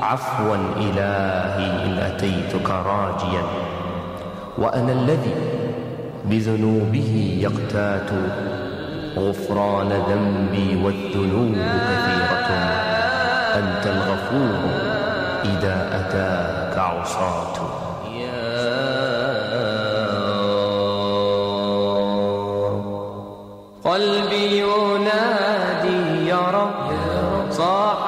عفوا إلهي إن أتيتك راجيا وأنا الذي بذنوبه يقتات غفران ذنبي والذنوب كثيرة أنت الغفور إذا أتاك عصاة قلبي ينادي يا رب صاح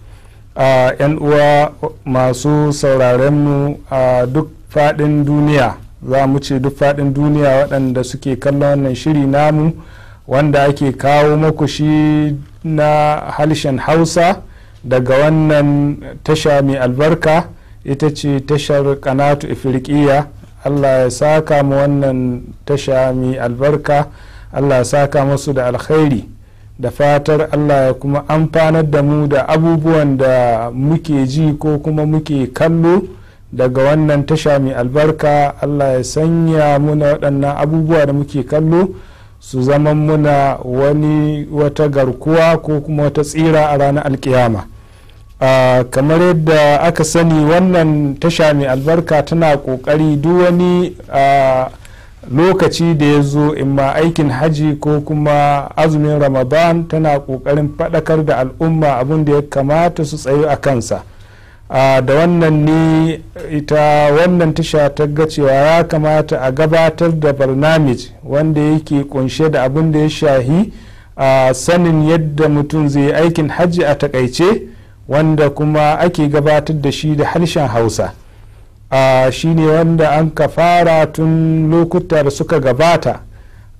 a 'yan uwa masu mu a duk faɗin duniya za mu ce duk faɗin duniya waɗanda suke kallon wannan shiri namu wanda ake kawo maku shi na harshen hausa daga wannan tasha mai albarka ita ce tashar kanatu ifirkiya allah ya saka mu wannan tasha mai albarka allah ya saka masu da alkhairi da fatar allah ya kuma amfanar da mu da abubuwan da muke ji ko kuma muke kallo daga wannan tasha mai albarka allah ya sanya muna waɗannan abubuwa da muke kallo su zama muna wani wata garkuwa ko kuma wata tsira a ranar alkiyama kamar yadda aka sani wannan tasha mai albarka tana ƙoƙari duk wani lokaci da ya zo in ma aikin hajji ko kuma azumin ramadan tana kokarin fadakar da al'umma abin da ya kamata su tsayu a kansa da wannan ne ita wannan tasha ta ga cewa ya kamata a gabatar da barnamij wanda yake kunshe da abin da ya shahi a sanin yadda mutum zai aikin hajji a takaice wanda kuma ake gabatar da shi da harshen hausa shine wanda an ka fara tun lokuta da suka gabata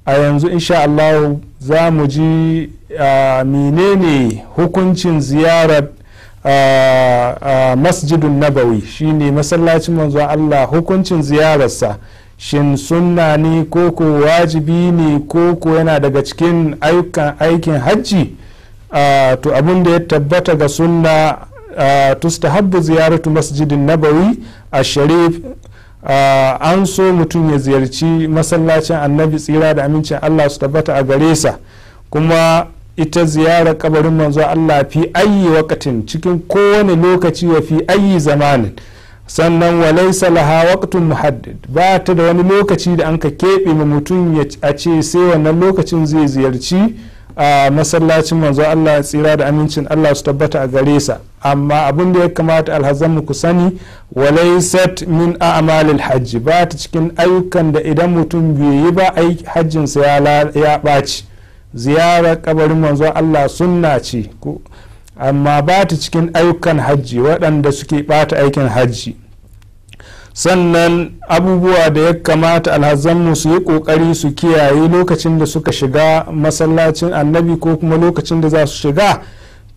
a yanzu insha Allah za mu ji menene hukuncin ziyarar masjidun nabawi shine masallacin manzon Allah hukuncin ziyararsa shin sunna ne ko wajibi ne ko yana daga cikin aikin hajji to abin da ya tabbata ga sunna tustahabbu ziyaratu masjidin nabawi a sharif an so mutum ya ziyarci masallacin annabi tsira da amincin allah su tabbata a gare sa kuma ita ziyarar kabarin manzo allah fi ayi wakatin cikin kowane lokaci wa fi ayi zamanin sannan walai salaha waqtun muhaddid ba ta da wani lokaci da an ka keɓe ma mutum a ce sai wannan lokacin zai ziyarci a masallacin manzo allah tsira da amincin allah su tabbata a gare sa amma abin da ya kamata mu ku sani set min a'malil hajji ba ta cikin ayyukan da idan mutum bai yi ba hajjinsa ya ɓaci ziyarar kabarin manzo Allah sunna ce amma ba ta cikin ayyukan hajji waɗanda suke ɓata aikin hajji sannan abubuwa da ya kamata alhazanmu su yi ƙoƙari su kiyaye lokacin da suka shiga masallacin annabi ko kuma lokacin da za su shiga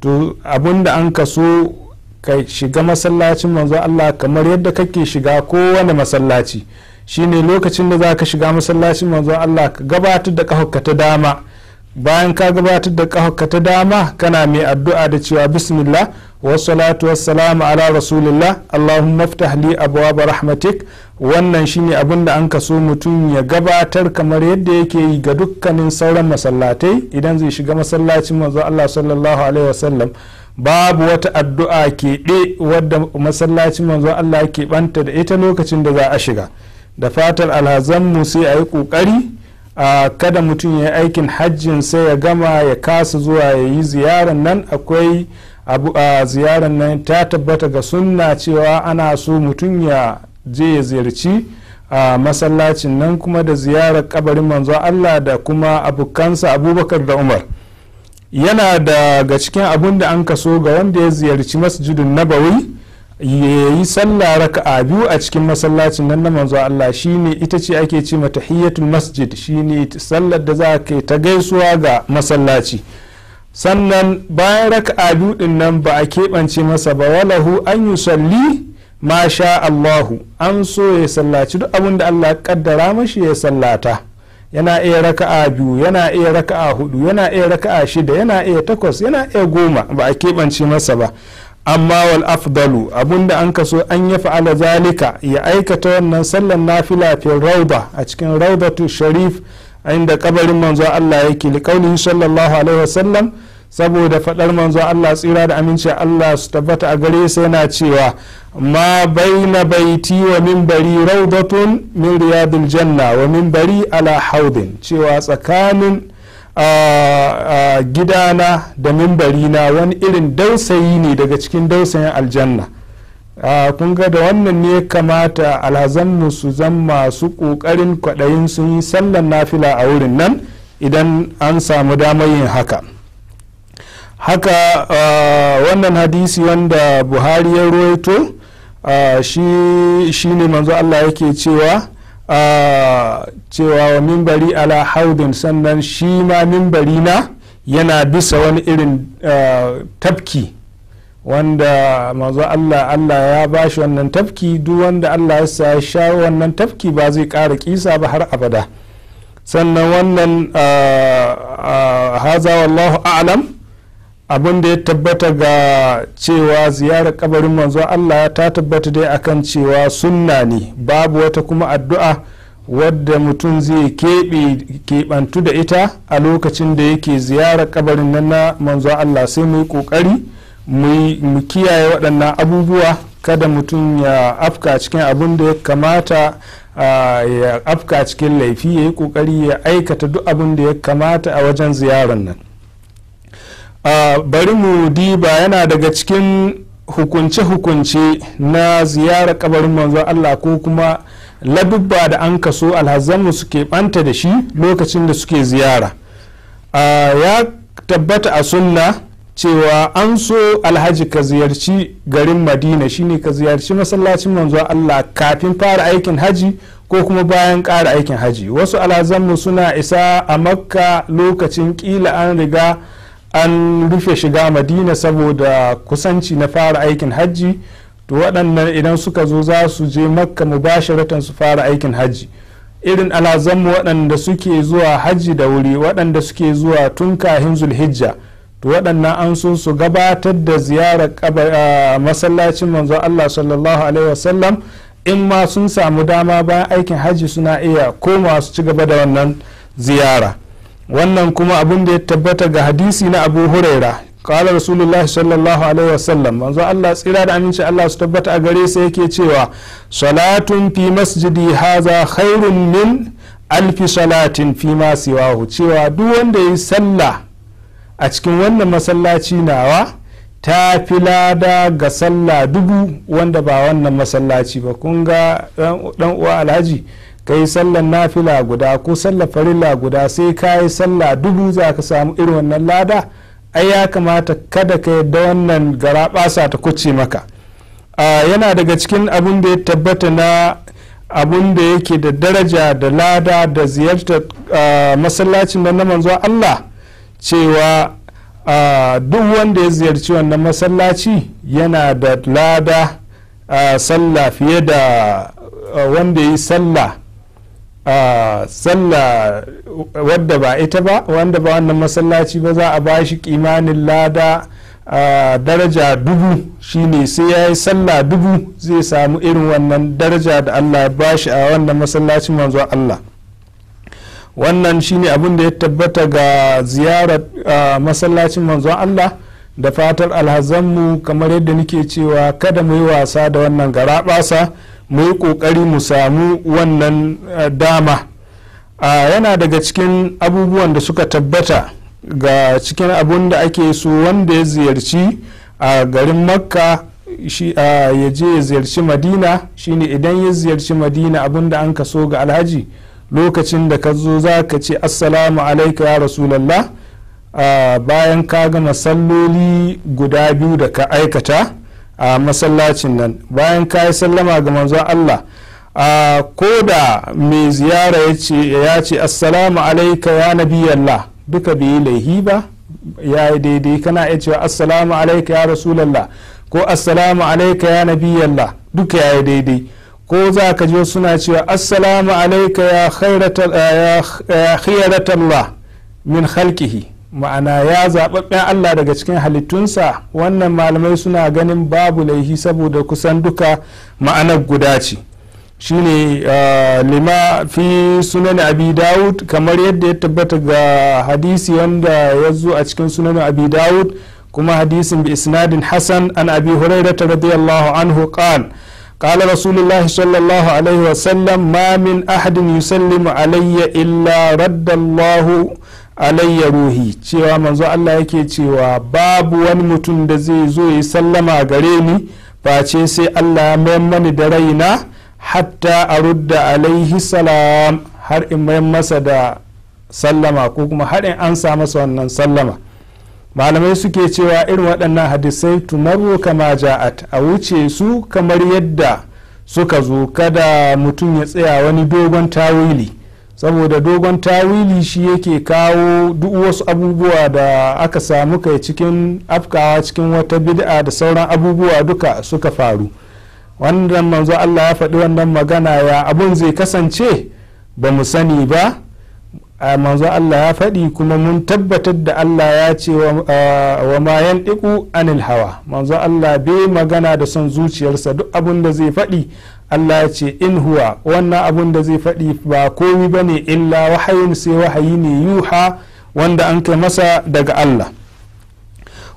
to abinda an so ka shiga masallacin manzo Allah kamar yadda kake shiga kowane masallaci shine lokacin da za ka shiga masallacin manzo Allah ka gabatar da ƙafarka ta dama bayan ka gabatar da ƙafarka ta dama kana mai addu'a da cewa bismillah wasu wassalamu ala rasulillah allahumma ftah li abwaaba rahmatik wannan shine abin da an kaso mutum ya gabatar kamar yadda yake yi ga dukkanin sauran masallatai idan zai shiga masallacin manzo Allah sallallahu alaihi wasallam babu wata addu'a keɓe wadda masallacin manzo Allah ke ɓanta da ita lokacin da za a shiga da fatar alhazanmu sai a yi ƙoƙari kada mutum ya aikin hajjin sai ya gama ya kasa zuwa ya yi ziyarar nan akwai abu a ziyarar nan ta tabbata ga sunna cewa ana so mutum ya je ya ziyarci a masallacin nan kuma da ziyarar kabarin manzon allah da kuma abokansa abubakar da umar yana daga cikin abun da an kaso ga wanda ya ziyarci masjidin nabawi ya yi sallah raka'a biyu a cikin masallacin nan na manzo Allah shine ita ce ake ce mata tahiyatul masjid shine sallar da za ka ta gaisuwa ga masallaci sannan bayan raka'a biyu din nan ba a keɓance masa ba walahu an yi salli ma sha Allahu an so ya sallaci duk abin da Allah kaddara mashi ya sallata yana iya raka'a biyu yana iya raka'a hudu yana iya raka'a shida yana iya takwas yana iya goma ba a keɓance masa ba amma wal afdalu abinda an kaso an ya fa'ala zalika ya aikata wannan sallan nafila fi rauda a cikin raudatu sharif inda kabarin manzo Allah yake li qaulihi sallallahu alaihi wasallam saboda fadar manzo Allah tsira da aminci Allah su tabbata a gare sa yana cewa ma baina baiti wa minbari raudatun min riyadil janna wa minbari ala haudin cewa tsakanin gidana da mimbarina wani irin dausayi ne daga cikin dausayin aljanna kun ga da wannan ne kamata alhazanmu su zan masu ƙoƙarin kwaɗayin sun yi sallan nafila a wurin nan idan an samu damar yin haka haka wannan hadisi wanda buhari ya ruwaito shi ne manzo allah yake cewa Ah, cewa wa mimbari ala haudin sannan shi ma mimbari na yana bisa wani irin ah, tafki wanda mazu Allah Allah ya bashi wannan tafki duk wanda Allah ya sa sha wannan tafki ba zai ƙara kisa ba har abada sannan wannan ah, haza wallahu a'lam abin da ya tabbata ga cewa ziyarar kabarin manzo Allah ta tabbata dai akan cewa sunna ne babu wata kuma addu'a wadda mutum zai keɓantu da ita a lokacin da yake ziyarar kabarin nan na manzo Allah sai mu yi ƙoƙari mu kiyaye waɗannan abubuwa kada mutum ya afka cikin abin da ya kamata ya afka cikin laifi ya yi ƙoƙari ya aikata duk abin da ya kamata a wajen ziyarar nan. bari mu diba yana daga cikin hukunce-hukunce na ziyarar kabarin manzo Allah ko kuma ladubba da an kaso alhazanmu suke banta da shi lokacin da suke ziyara ya tabbata a sunna cewa an so alhaji ka ziyarci garin madina shine ka ziyarci masallacin manzo Allah kafin fara aikin haji ko kuma bayan ƙara aikin haji wasu alhazanmu suna isa a makka lokacin kila an riga an rufe shiga madina saboda kusanci na fara aikin hajji to waɗannan idan suka zo za su je makka mu mubasharatan su fara aikin hajji irin alazanmu waɗanda suke zuwa hajji da wuri waɗanda suke zuwa tun kahin zulhijja to waɗannan an sun su gabatar da ziyarar masallacin manzon allah sallallahu alaihi wasallam in ma sun samu dama bayan aikin hajji suna iya komawa su ci gaba da wannan ziyara wannan kuma abin da ya tabbata ga hadisi na abu huraira kala rasulullahi sallallahu alaihi wasallam manzo Allah tsira da aminci Allah su tabbata a gare sa yake cewa salatun fi masjidi haza khairun min alfi salatin fi ma siwahu cewa duk wanda ya yi sallah a cikin wannan masallaci nawa ta fi lada ga sallah dubu wanda ba wannan masallaci ba kun ga eh, dan uwa alhaji ka yi sallar nafila guda ko sallar farilla guda sai ka yi sallah dubu za ka samu irin wannan lada ai ya kamata kada ka yadda wannan gara basa ta kuce maka yana daga cikin abin da ya tabbata na abin da yake da daraja da lada da ziyarta masallacin nan na manzo Allah cewa duk wanda ya ziyarci wannan masallaci yana da lada sallah fiye da wanda ya yi sallah sallah wadda ba ita ba wanda ba wannan masallaci ba za a ba shi kimanin lada a daraja dubu shine sai ya yi sallah dubu zai samu irin wannan daraja da allah ba shi a wannan masallacin manzo allah wannan shine abin da ya tabbata ga ziyarar masallacin manzon allah da fatar alhazanmu kamar yadda nake cewa kada mu yi wasa da wannan garaɓasa. mu yi ƙoƙari mu samu wannan eh, dama yana daga cikin abubuwan da suka tabbata ga cikin abun da ake so wanda ya ziyarci a garin makka ya je ya ziyarci madina shine idan ya ziyarci madina abun da an kaso ga alhaji lokacin da ka zo za ka ce assalamu alaika ya rasulallah bayan ka gama salloli guda biyu da ka aikata a masallacin nan bayan ka yi sallama ga manzon Allah a ko da mai ziyara ya ce assalamu alaika ya nabi Allah duka bai yi laihi ba ya yi daidai kana iya cewa assalamu alaika ya rasulullah ko assalamu alaika ya nabi Allah duka ya yi daidai ko za ka je suna cewa assalamu alaika ya khiyaratallah min khalqihi ma'ana ya zaɓaɓɓen allah daga cikin halittunsa wannan malamai suna ganin babu laihi saboda kusan duka ma'anar guda ce shine uh, lima fi sunan abi dawud kamar yadda ya tabbata ga hadisi wanda ya zo a cikin sunan abi dawud kuma hadisin bi isnadin hasan an abi hurairata radiyallahu anhu qal قال رسول الله صلى الله عليه وسلم ما من أحد يسلم علي إلا رد الله alayya ruhi cewa manzo Allah yake cewa babu wani mutum da zai zo ya sallama gare ni face sai Allah ya mayar mani da raina hatta a rudda alaihi salam har in mayan masa da sallama ko kuma har in ansa masa wannan sallama malamai suke cewa irin waɗannan hadisai tumaru kama ja'at a wuce su kamar yadda suka zo kada mutum ya tsaya wani dogon tawili. saboda dogon tawili shi yake kawo duk wasu abubuwa da aka samu kai cikin afkawa cikin wata bid'a da sauran abubuwa duka suka faru wannan manzo Allah ya faɗi wannan magana ya abun zai kasance ba mu sani ba a manzo Allah ya faɗi kuma mun tabbatar da Allah ya ce wa ma ɗiƙu anil hawa manzo Allah bai magana da son zuciyarsa duk abin da zai faɗi Allah ya ce in huwa wannan abin da zai faɗi ba komi bane illa wahayin sai wahayi ne yuha wanda an kai masa daga Allah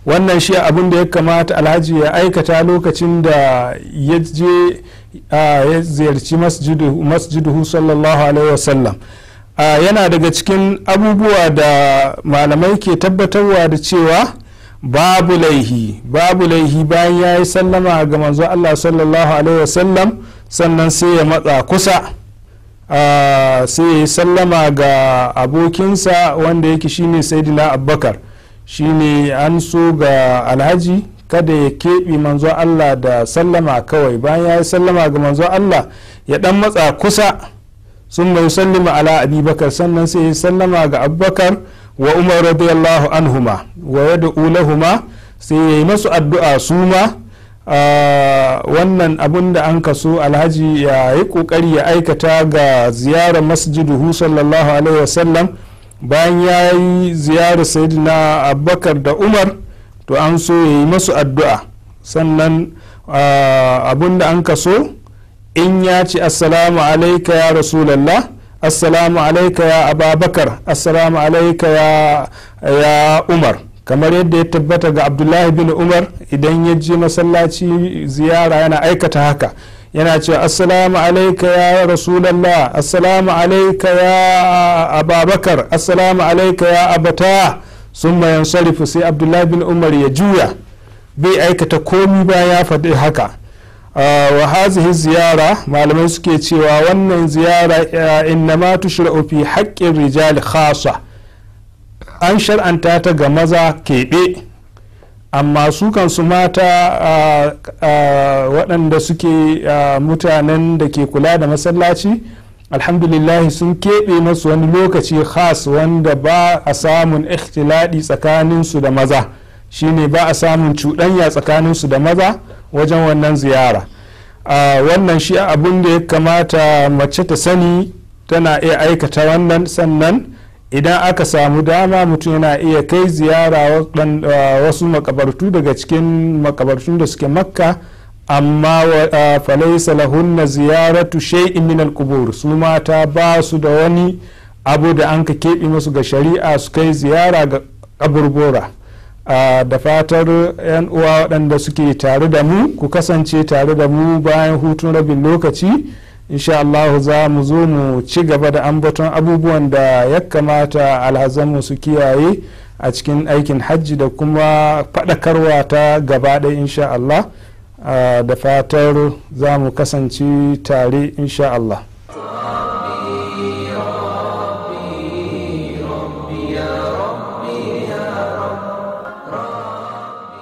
wannan shi abin da ya kamata alhaji ya aikata lokacin da ya je ya ziyarci masjidu sallallahu alaihi wasallam Ah, yana daga cikin abubuwa da malamai ke tabbatarwa da cewa babu laihi babu laihi bayan ya yi sallama ga manzo Allah sallallahu alaihi wasallam sannan sai ya matsa kusa ah, sai ya yi sallama ga abokinsa wanda yake shine saidina abubakar shine an so ga alhaji kada ya keɓe manzo Allah da sallama kawai bayan ya yi sallama ga manzo Allah ya ɗan matsa kusa sun mai sallima ala abubakar sannan sai ya sallama ga abubakar wa umar radiyallahu anhuma wa yadda ulahuma sai ya yi masu addu'a su ma wannan abin da an kaso alhaji ya yi kokari ya aikata ga ziyarar masjiduhu sallallahu alaihi wasallam bayan ya yi ziyarar sayidina abubakar da umar to an so ya yi masu addu'a sannan abin da an kaso in ya ce assalamu alaika ya rasulallah assalamu alaika ya ababakar assalamu alaika ya, ya umar kamar yadda ya tabbata ga abdullahi bin umar idan ya je masallaci ziyara yana aikata haka yana ce assalamu alaika ya rasulallah assalamu alaika ya ababakar assalamu alaika ya abata sun mayan sarifu sai abdullahi bin umar ya juya bai aikata komi ba ya faɗi haka Ah, wa hazihi ziyara malamai suke cewa wannan ziyara ah, ma tushra'u fi haƙƙin rijali khasa an shar'anta ta ga maza keɓe amma su kansu mata ah, waɗanda suke mutanen da ke kula da masallaci alhamdulillah sun keɓe masu wani lokaci khas wanda ba a samun ikhtiladi tsakaninsu da maza shine ba a samun cuɗanya tsakaninsu da maza wajen wannan ziyara wannan shi abin da ya kamata mace ta sani tana iya aikata wannan sannan idan aka samu dama mutum yana iya kai ziyara wasu makabartu daga cikin makabartun da suke makka amma falaisa lahunna ziyaratu shay'in min al su mata ba su da wani abu da an ka keɓe musu ga shari'a su kai ziyara ga kaburbura da fatar 'yan uwa waɗanda suke tare da mu ku kasance tare da mu bayan hutun rabin lokaci insha Allah za mu zo mu ci gaba da ambaton abubuwan da ya kamata alhazanmu su kiyaye a cikin aikin hajji da kuma faɗakarwa ta gaba ɗaya insha Allah da fatar za mu kasance tare insha Allah.